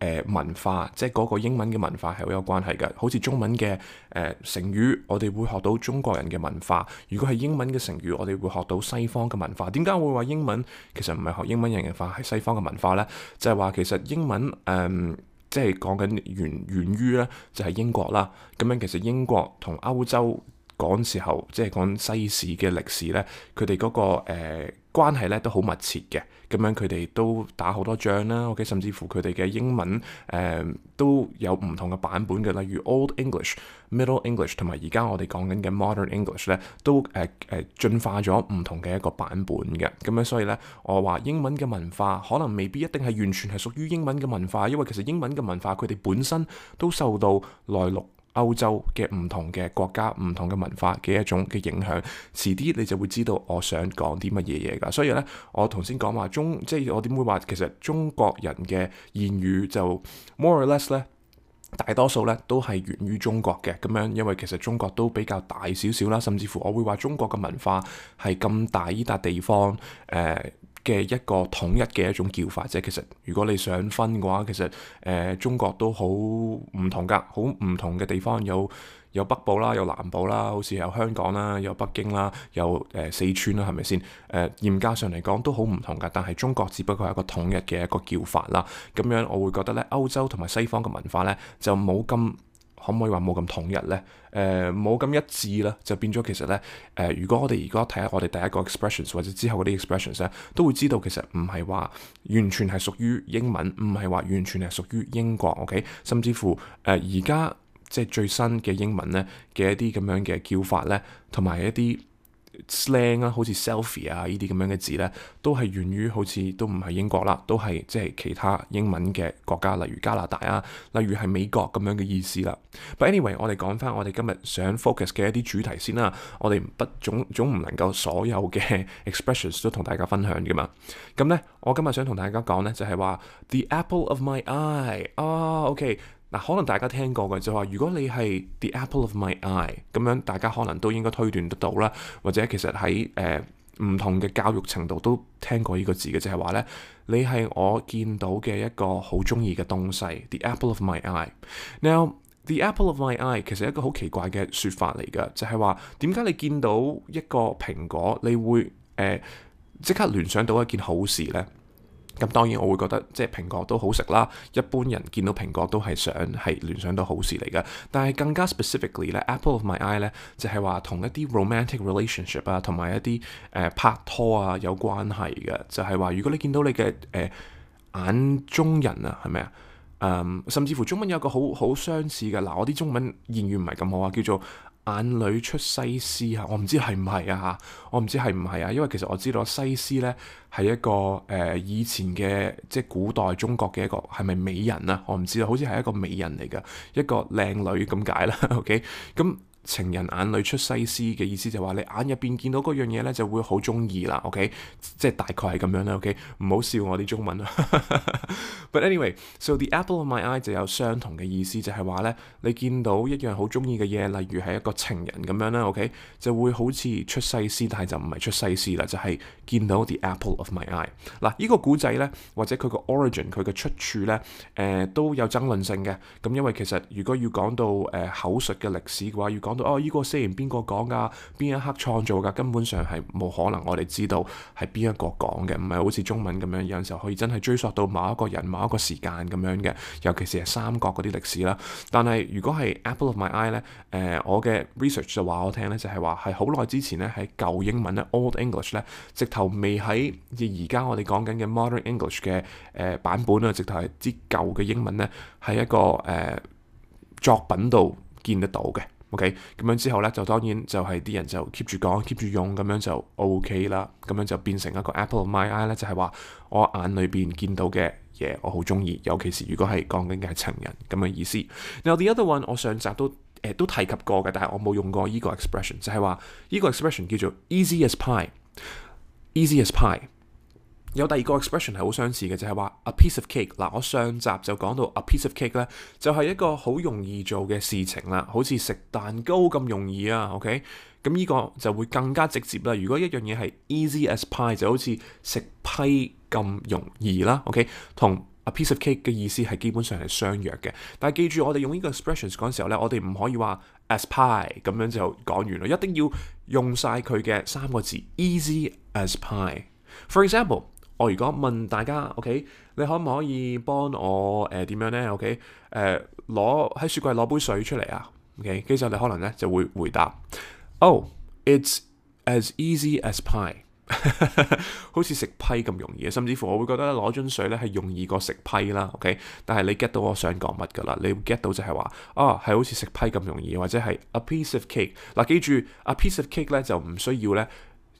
誒文化，即係嗰個英文嘅文化係好有關係嘅。好似中文嘅誒、呃、成語，我哋會學到中國人嘅文化；如果係英文嘅成語，我哋會學到西方嘅文化。點解會話英文其實唔係學英文人嘅文化係西方嘅文化呢？就係、是、話其實英文誒、嗯、即係講緊源源於咧，就係、是、英國啦。咁樣其實英國同歐洲講時候，即係講西史嘅歷史咧，佢哋嗰個誒。呃關係咧都好密切嘅，咁樣佢哋都打好多仗啦。OK，甚至乎佢哋嘅英文誒、呃、都有唔同嘅版本嘅，例如 Old English、Middle English 同埋而家我哋講緊嘅 Modern English 咧，都誒誒、呃、進化咗唔同嘅一個版本嘅。咁樣所以咧，我話英文嘅文化可能未必一定係完全係屬於英文嘅文化，因為其實英文嘅文化佢哋本身都受到內陸歐洲嘅唔同嘅國家、唔同嘅文化嘅一種嘅影響，遲啲你就會知道我想講啲乜嘢嘢㗎。所以呢，我頭先講話中，即係我點會話其實中國人嘅言語就 more or less 呢？大多數呢都係源於中國嘅咁樣，因為其實中國都比較大少少啦，甚至乎我會話中國嘅文化係咁大依笪、這個、地方誒。呃嘅一個統一嘅一種叫法啫，其實如果你想分嘅話，其實誒、呃、中國都好唔同㗎，好唔同嘅地方有有北部啦，有南部啦，好似有香港啦，有北京啦，有誒、呃、四川啦，係咪先？誒嚴格上嚟講都好唔同㗎，但係中國只不過係一個統一嘅一個叫法啦。咁樣我會覺得咧，歐洲同埋西方嘅文化咧就冇咁。可唔可以話冇咁統一咧？誒、呃，冇咁一致啦，就變咗其實咧，誒、呃，如果我哋而家睇下我哋第一個 expressions 或者之後嗰啲 expressions 咧，都會知道其實唔係話完全係屬於英文，唔係話完全係屬於英國，OK？甚至乎誒，呃，而家即係最新嘅英文咧嘅一啲咁樣嘅叫法咧，同埋一啲。Slang 啊，好似 selfie 啊，呢啲咁樣嘅字呢，都係源於好似都唔係英國啦，都係即係其他英文嘅國家，例如加拿大啊，例如係美國咁樣嘅意思啦。But anyway，我哋講返我哋今日想 focus 嘅一啲主題先啦。我哋不總總唔能夠所有嘅 expressions 都同大家分享㗎嘛。咁呢，我今日想同大家講呢，就係、是、話 the apple of my eye 啊、oh，OK。嗱、啊，可能大家聽過嘅就係話，如果你係 the apple of my eye 咁樣，大家可能都應該推斷得到啦，或者其實喺誒唔同嘅教育程度都聽過呢個字嘅，就係話咧，你係我見到嘅一個好中意嘅東西，the apple of my eye。Now，the apple of my eye 其實一個好奇怪嘅説法嚟㗎，就係話點解你見到一個蘋果，你會誒即刻聯想到一件好事咧？咁當然我會覺得即係蘋果都好食啦，一般人見到蘋果都係想係聯想到好事嚟嘅。但係更加 specifically 咧，Apple of my eye 咧就係話同一啲 romantic relationship 啊，同埋一啲誒拍拖啊有關係嘅。就係話如果你見到你嘅誒眼中人啊，係咪啊？誒，甚至乎中文有個好好相似嘅，嗱，我啲中文言語唔係咁好啊，叫做。眼裏出西施啊！我唔知係唔係啊嚇，我唔知係唔係啊，因為其實我知道西施咧係一個誒、呃、以前嘅即係古代中國嘅一個係咪美人啊？我唔知啊，好似係一個美人嚟㗎，一個靚女咁解啦。 OK，咁。情人眼裏出西施嘅意思就話你眼入邊見到嗰樣嘢咧就會好中意啦，OK，即係大概係咁樣啦，OK，唔好笑我啲中文啦。 But anyway，so the apple of my eye 就有相同嘅意思就，就係話咧你見到一樣好中意嘅嘢，例如係一個情人咁樣啦，OK，就會好似出西施，但係就唔係出西施啦，就係、是、見到 the apple of my eye。嗱、啊，這個、呢個古仔咧或者佢個 origin 佢嘅出處咧誒、呃、都有爭論性嘅。咁因為其實如果要講到誒、呃、口述嘅歷史嘅話，要講。哦，依、這個雖然邊個講噶？邊一刻創造噶？根本上係冇可能，我哋知道係邊一個講嘅，唔係好似中文咁樣有陣時候可以真係追溯到某一個人、某一個時間咁樣嘅。尤其是係三國嗰啲歷史啦。但係如果係 Apple of My Eye 呢，誒，我嘅 research 就話我聽呢，就係話係好耐之前呢，喺舊英文呢 Old English 呢，直頭未喺而家我哋講緊嘅 Modern English 嘅誒、呃、版本啊，直頭係啲舊嘅英文呢，喺一個誒、呃、作品度見得到嘅。OK，咁樣之後呢，就當然就係啲人就 keep 住講，keep 住用，咁樣就 OK 啦。咁樣就變成一個 Apple of my eye 呢就係話我眼裏邊見到嘅嘢，我好中意。尤其是如果係講緊嘅情人，咁嘅意思。然後 the other one，我上集都誒、呃、都提及過嘅，但係我冇用過呢個 expression，就係話呢個 expression 叫做 easy as pie，easy as pie。有第二個 expression 係好相似嘅，就係話 a piece of cake。嗱，我上集就講到 a piece of cake 咧，就係一個好容易做嘅事情啦，好似食蛋糕咁容易啊。OK，咁呢個就會更加直接啦。如果一樣嘢係 easy as pie，就好似食批咁容易啦。OK，同 a piece of cake 嘅意思係基本上係相若嘅。但係記住我，我哋用呢個 expressions 嗰陣時候咧，我哋唔可以話 as pie 咁樣就講完咯，一定要用晒佢嘅三個字 easy as pie。For example。我如果問大家，OK，你可唔可以幫我誒點、呃、樣呢？OK，誒攞喺雪櫃攞杯水出嚟啊，OK，其實你可能呢就會回答，Oh，it's as easy as pie， 好似食批咁容易，甚至乎我會覺得攞樽水呢係容易過食批啦，OK，但係你 get 到我想講乜㗎啦？你會 get 到就係話，啊、哦、係好似食批咁容易，或者係 a piece of cake。嗱、呃，記住 a piece of cake 呢就唔需要呢。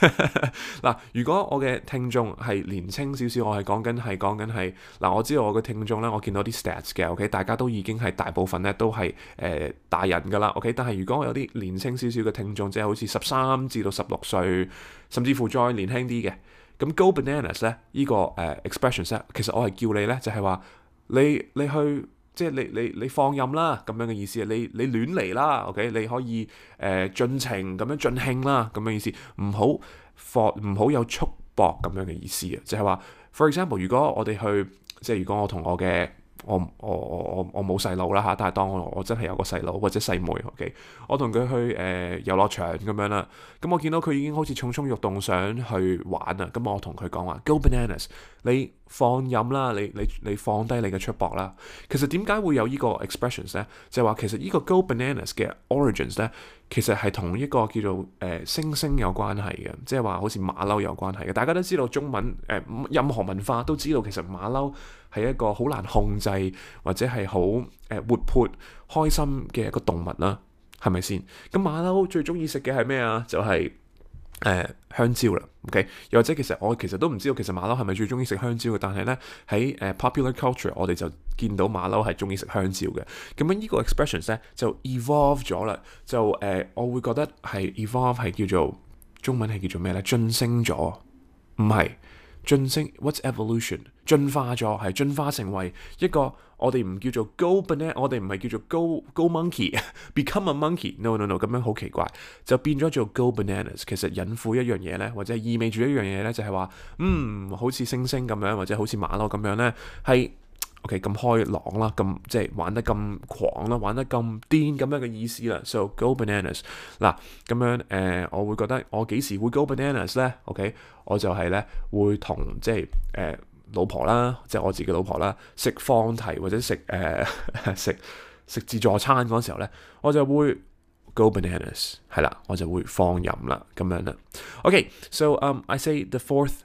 嗱， 如果我嘅聽眾係年輕少少，我係講緊係講緊係，嗱我知道我嘅聽眾呢，我見到啲 stats 嘅，OK，大家都已經係大部分呢都係誒、呃、大人噶啦，OK，但係如果我有啲年輕少少嘅聽眾，即係好似十三至到十六歲，甚至乎再年輕啲嘅，咁 Go bananas 呢，依、這個誒、uh, expressions 咧，其實我係叫你呢，就係、是、話你你去。即係你你你放任啦，咁樣嘅意思，你你亂嚟啦，OK，你可以誒盡情咁樣盡興啦咁樣意思，唔好放唔好有束縛咁樣嘅意思啊，就係話，for example，如果我哋去即係如果我同我嘅我我我我我冇細路啦嚇，但係當我我真係有個細路或者細妹，OK，我同佢去誒遊樂場咁樣啦，咁我見到佢已經好似蠢蠢欲動想去玩啦，咁我同佢講話，go bananas。你放任啦，你你你放低你嘅出搏啦。其實點解會有個呢個 expressions 咧？就係、是、話其實呢個 go bananas 嘅 origins 咧，其實係同一個叫做誒、呃、猩猩有關係嘅，即係話好似馬騮有關係嘅。大家都知道中文誒、呃，任何文化都知道其實馬騮係一個好難控制或者係好誒活潑開心嘅一個動物啦，係咪先？咁馬騮最中意食嘅係咩啊？就係、是誒、uh, 香蕉啦，OK，又或者其實我其實都唔知道其實馬騮係咪最中意食香蕉嘅，但係咧喺誒 popular culture 我哋就見到馬騮係中意食香蕉嘅，咁樣呢、這個 expressions 咧就 evolve 咗啦，就誒、uh, 我會覺得係 evolve 係叫做中文係叫做咩咧，晉升咗，唔係。進升，what's evolution？進化咗係進化成為一個我哋唔叫做 go banana，我哋唔係叫做 go go monkey，become a monkey，no no no，咁、no, 樣好奇怪，就變咗做 go bananas。其實隱晦一樣嘢咧，或者意味住一樣嘢咧，就係、是、話，嗯，好似猩猩咁樣，或者好似馬騮咁樣咧，係。OK，咁開朗啦，咁即係玩得咁狂啦，玩得咁癲咁樣嘅意思啦。So go bananas。嗱咁樣誒、呃，我會覺得我幾時會 go bananas 咧？OK，我就係咧會同即係誒、呃、老婆啦，即係我自己老婆啦，食放題或者食誒食食自助餐嗰時候咧，我就會 go bananas。係啦，我就會放任啦，咁樣啦。OK，so、okay, um, I say the fourth。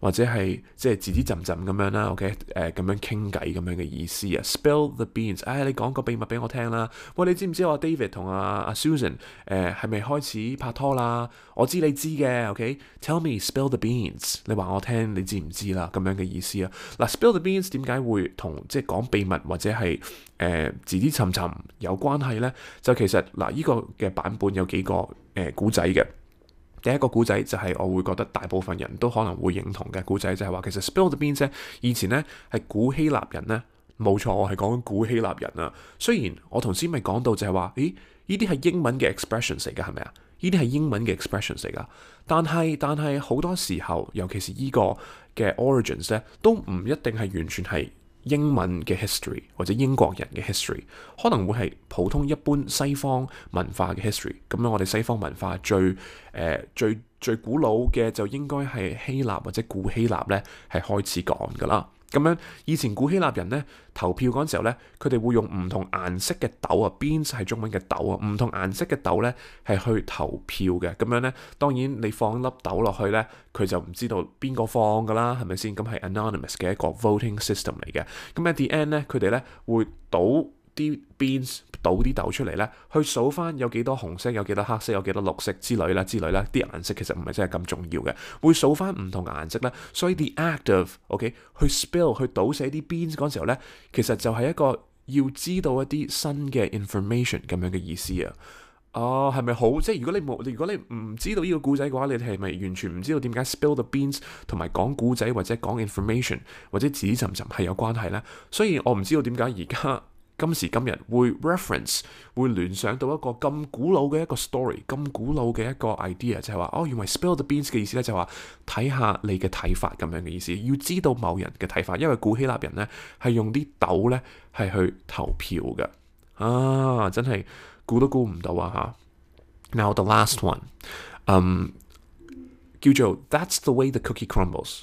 或者係即係字字斟斟咁樣啦，OK？誒咁樣傾偈咁樣嘅意思啊 spill the beans，哎，你講個秘密俾我聽啦。喂，你知唔知我 David 同阿 Susan 誒、呃、係咪開始拍拖啦？我知你知嘅，OK？Tell、okay? me spill the beans，你話我聽，你知唔知啦？咁樣嘅意思啊。嗱、呃、spill the beans 點解會同即係講秘密或者係誒、呃、字字斟斟有關係咧？就其實嗱，依、呃呢個嘅版本有幾個誒古仔嘅。呃第一個古仔就係、是、我會覺得大部分人都可能會認同嘅古仔就係、是、話，其實 spill the beans 以前呢係古希臘人呢冇錯，我係講緊古希臘人啊。雖然我頭先咪講到就係話，誒呢啲係英文嘅 expressions 嚟㗎係咪啊？呢啲係英文嘅 expressions 嚟㗎，但係但係好多時候，尤其是個呢個嘅 origins 咧，都唔一定係完全係。英文嘅 history 或者英國人嘅 history，可能會係普通一般西方文化嘅 history。咁樣我哋西方文化最誒、呃、最最古老嘅就應該係希臘或者古希臘咧，係開始講㗎啦。咁樣以前古希臘人咧，投票嗰陣時候咧，佢哋會用唔同顏色嘅豆啊 beans 係中文嘅豆啊，唔同顏色嘅豆咧係去投票嘅。咁樣咧，當然你放一粒豆落去咧，佢就唔知道邊個放㗎啦，係咪先？咁係 anonymous 嘅一個 voting system 嚟嘅。咁喺 the end 咧，佢哋咧會倒。啲 beans 倒啲豆出嚟咧，去數翻有幾多紅色，有幾多黑色，有幾多綠色之類啦之類啦，啲顏色其實唔係真係咁重要嘅，會數翻唔同顏色啦。所以 the act of OK 去 spill 去倒寫啲 beans 嗰陣時候咧，其實就係一個要知道一啲新嘅 information 咁樣嘅意思啊。哦，係咪好？即係如果你冇，如果你唔知道呢個故仔嘅話，你係咪完全唔知道點解 spill the beans 同埋講故仔或者講 information 或者紙浸浸係有關係咧？所以我唔知道點解而家。今時今日會 reference 會聯想到一個咁古老嘅一個 story，咁古老嘅一個 idea，就係話哦，原來 spill the beans 嘅意思咧就係話睇下你嘅睇法咁樣嘅意思，要知道某人嘅睇法，因為古希臘人咧係用啲豆咧係去投票噶，啊，真係估都估唔到啊！吓，now the last one，嗯、um,，叫做 That's the way the cookie crumbles。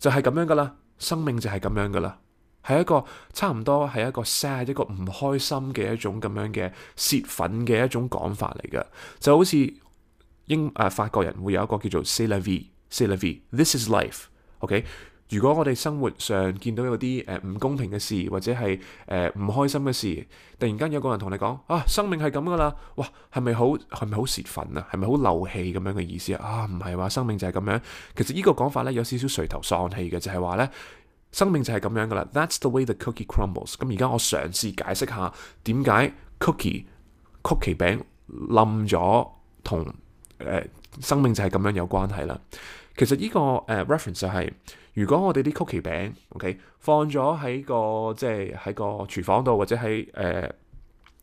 就係咁樣噶啦，生命就係咁樣噶啦，係一個差唔多係一個 sad 一個唔開心嘅一種咁樣嘅泄憤嘅一種講法嚟嘅，就好似英誒、呃、法國人會有一個叫做 c'est la vie, c'est la vie, this is life，OK、okay? 如果我哋生活上見到有啲誒唔公平嘅事，或者係誒唔開心嘅事，突然間有個人同你講啊，生命係咁噶啦，哇，係咪好係咪好泄憤啊？係咪好漏氣咁樣嘅意思啊？啊，唔係話生命就係咁樣，其實呢個講法咧有少少垂頭喪氣嘅，就係話咧生命就係咁樣噶啦。That's the way the cookie crumbles。咁而家我嘗試解釋下點解 cookie cookie 餅冧咗同誒生命就係咁樣有關係啦。其實呢個誒 reference 就係、是，如果我哋啲 cookie 餅，OK，放咗喺個即係喺個廚房度或者喺誒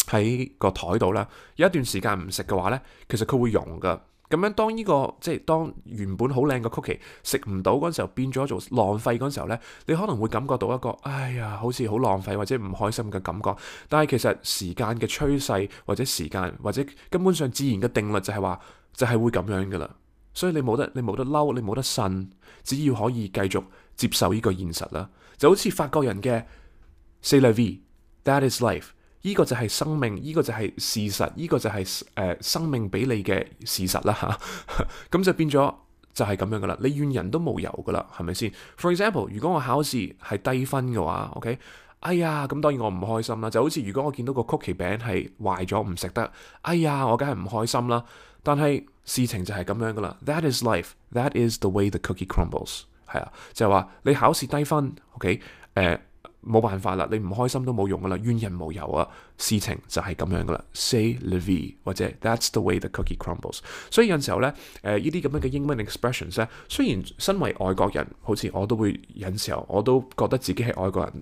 喺個台度啦，有一段時間唔食嘅話咧，其實佢會溶㗎。咁樣當呢、這個即係當原本好靚嘅 cookie 食唔到嗰陣時候，變咗做浪費嗰陣時候咧，你可能會感覺到一個哎呀，好似好浪費或者唔開心嘅感覺。但係其實時間嘅趨勢或者時間或者根本上自然嘅定律就係話，就係、是、會咁樣㗎啦。所以你冇得你冇得嬲，你冇得信，只要可以繼續接受呢個現實啦，就好似法國人嘅 C'est la vie, that is life，呢個就係生命，呢、這個就係事實，呢、這個就係、是、誒、呃、生命俾你嘅事實啦嚇。咁 就變咗就係咁樣噶啦，你怨人都冇由噶啦，係咪先？For example，如果我考試係低分嘅話，OK。哎呀，咁當然我唔開心啦。就好似如果我見到個曲奇餅係壞咗，唔食得，哎呀，我梗係唔開心啦。但係事情就係咁樣噶啦。That is life. That is the way the cookie crumbles。係啊，就係、是、話你考試低分，OK？誒、呃，冇辦法啦，你唔開心都冇用噶啦，怨人無由啊。事情就係咁樣噶啦。C'est la vie，或者 That's the way the cookie crumbles。所以有時候咧，誒呢啲咁樣嘅英文 expressions 咧，雖然身為外國人，好似我都會有時候我都覺得自己係外國人。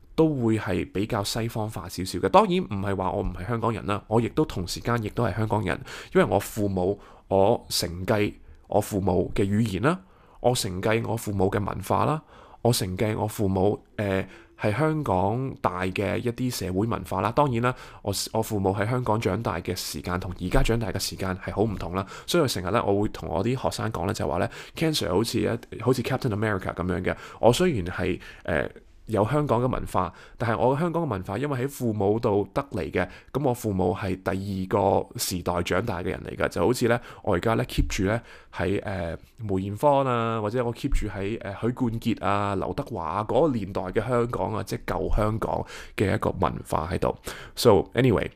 都會係比較西方化少少嘅，當然唔係話我唔係香港人啦，我亦都同時間亦都係香港人，因為我父母，我承繼我父母嘅語言啦，我承繼我父母嘅文化啦，我承繼我父母誒係、呃、香港大嘅一啲社會文化啦。當然啦，我我父母喺香港長大嘅時間同而家長大嘅時間係好唔同啦，所以我成日咧我會同我啲學生講咧就話咧，Cancer 好似一好似 Captain America 咁樣嘅，我雖然係誒。呃有香港嘅文化，但係我香港嘅文化，因為喺父母度得嚟嘅，咁我父母係第二個時代長大嘅人嚟㗎，就好似呢，我而家呢 keep 住呢，喺誒梅艷芳啊，或者我 keep 住喺誒許冠傑啊、劉德華啊嗰個年代嘅香港啊，即係舊香港嘅一個文化喺度。So anyway.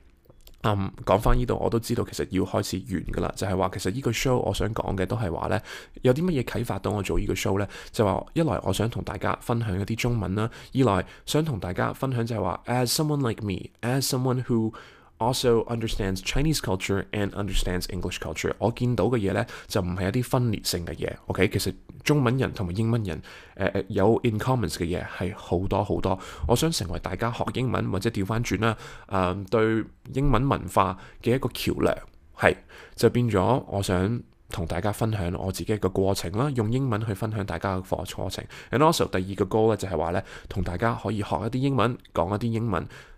講翻呢度，我都知道其實要開始完㗎啦。就係話，其實呢個 show 我想講嘅都係話呢，有啲乜嘢啟發到我做呢個 show 呢？就話一來我想同大家分享一啲中文啦，二來想同大家分享就係話，as someone like me, as someone who Also understands Chinese culture and understands English culture。我見到嘅嘢呢，就唔係一啲分裂性嘅嘢，OK？其實中文人同埋英文人誒、呃、有 in common 嘅嘢係好多好多。我想成為大家學英文或者調翻轉啦，誒、呃、對英文文化嘅一個橋梁，係就變咗我想同大家分享我自己一個過程啦，用英文去分享大家嘅課程。And also 第二個 goal 呢，就係、是、話呢，同大家可以學一啲英文，講一啲英文。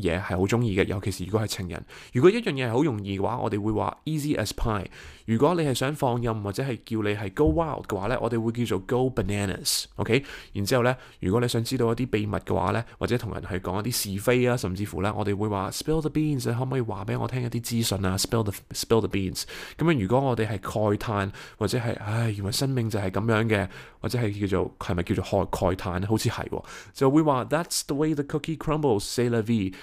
嘢係好中意嘅，尤其是如果係情人。如果一樣嘢係好容易嘅話，我哋會話 easy as pie。如果你係想放任或者係叫你係 go wild 嘅話呢，我哋會叫做 go bananas。OK，然之後呢，如果你想知道一啲秘密嘅話呢，或者同人去講一啲是非啊，甚至乎呢，我哋會話 spill the beans。你可唔可以話俾我聽一啲資訊啊？spill the spill the beans。咁樣，如果我哋係慨嘆或者係唉原來生命就係咁樣嘅，或者係叫做係咪叫做慨嘆呢？好似係、哦，就會話 that's the way the cookie crumbles，c'est la vie。